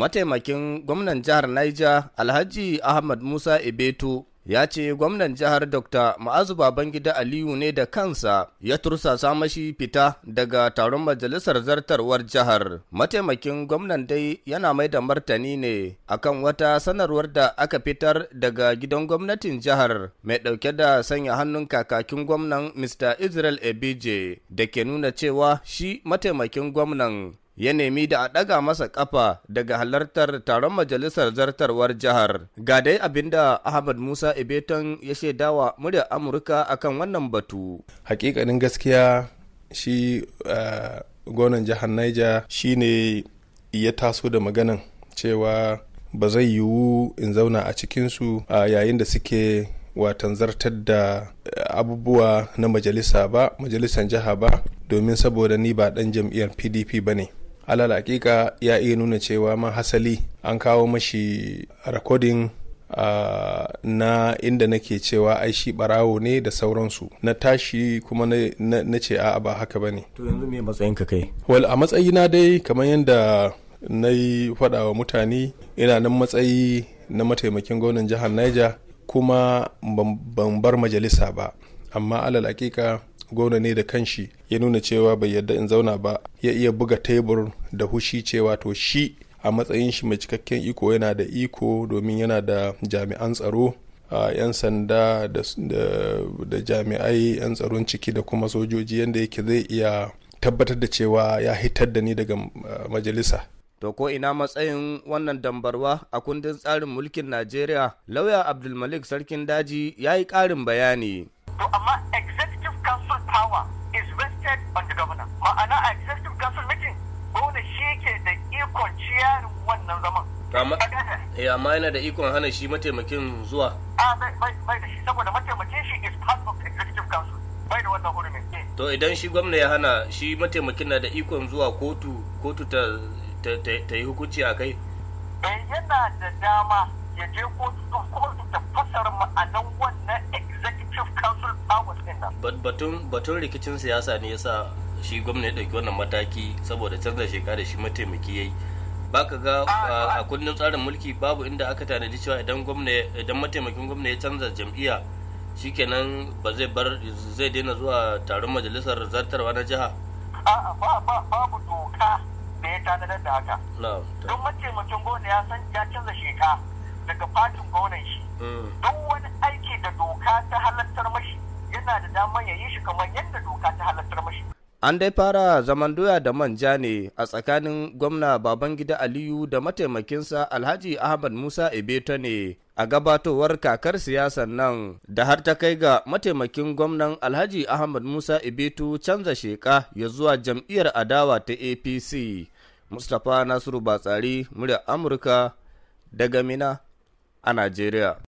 Mataimakin gwamnan jihar Niger Alhaji Ahmad Musa Ebeto ya ce gwamnan jihar Dr. Ma'azu Babangida Aliyu ne da kansa ya tursasa mashi fita daga taron majalisar zartarwar jihar. Mataimakin gwamnan dai yana mai da martani ne akan wata sanarwar da aka fitar daga gidan gwamnatin jihar mai ɗauke da sanya hannun kakakin gwamnan Mr. Israel Ebije da ke nuna cewa shi mataimakin gwamnan ya nemi da a ɗaga masa ƙafa daga halartar taron majalisar zartarwar jihar. Ga dai abinda Ahmad Musa Ibeton ya shaidawa murya Amurka akan wannan batu. Hakikanin gaskiya shi eh, gonan jihar Niger shi ne ya taso da maganan cewa ba zai yiwu in zauna a cikinsu a yayin da suke watan zartar da abubuwa na majalisa ba majalisan jiha ba domin saboda ni ba dan jam'iyyar pdp ba ne alal hakika ya iya nuna cewa ma hasali an kawo mashi rakodin Uh, na inda nake cewa ai shi barawo ne da sauransu na tashi kuma na ce a ba haka ba ne to yanzu me matsayin ka kai wal a matsayina dai kamar yadda na yi wa mutane ina nan matsayi na mataimakin gwamnan jihar niger kuma ban bar majalisa ba amma alal hakika gwamna ne da kanshi ya nuna cewa bai yarda in zauna ba ya iya buga tebur da hushi cewa to shi a matsayin shi mai cikakken iko yana da iko domin yana da jami'an tsaro a 'yan sanda da jami'ai 'yan tsaron ciki da kuma sojoji yadda yake zai iya tabbatar da cewa ya hitar da ni daga majalisa To ko ina matsayin wannan dambarwa a kundin tsarin mulkin Najeriya, lauya Abdulmalik Sarkin Daji ya yi ƙarin bayani. To amma state and the governor ma'ana a executive council meeting gwamna shi ke da ikon ciyarin wannan zaman ya eh, amma yana da ikon hana shi mataimakin zuwa a bai da shi saboda mataimakin shi is part of executive council bai da wannan hurumin eh. to idan shi gwamna ya hana shi mataimakin na da ikon zuwa kotu kotu ta yi hukunci a kai eh, yana da dama ya je kotu kotu ta fasar ma'anan batun rikicin siyasa ne yasa shi gwamna ya ɗauki wannan mataki saboda canza shekara shi mataimaki yayi ka ga ah, ah, ah. a kundin tsarin mulki babu inda aka tanadi cewa idan gwamna idan mataimakin gwamna ya canza jam'iyya shikenan ba zai bar zai daina zuwa taron majalisar zartarwa na jiha a'a ba babu doka da ya tanadar da haka don mataimakin gwamna ya san ya canza sheka daga fatin gwamnan shi mm. don wani aiki da doka ta halartar mashi yana da damar ya yi shi kamar yadda doka ta mashi. An dai fara zaman doya da manja ne a tsakanin gwamna Babangida Aliyu da mataimakinsa Alhaji Ahmad Musa Ebeto ne a gabatowar kakar siyasar nan da har ta kai ga mataimakin gwamnan Alhaji Ahmad Musa Ebeto canza sheka ya zuwa jam'iyyar adawa ta APC. Mustapha Nasiru Batsari, murya Amurka daga Mina a Najeriya.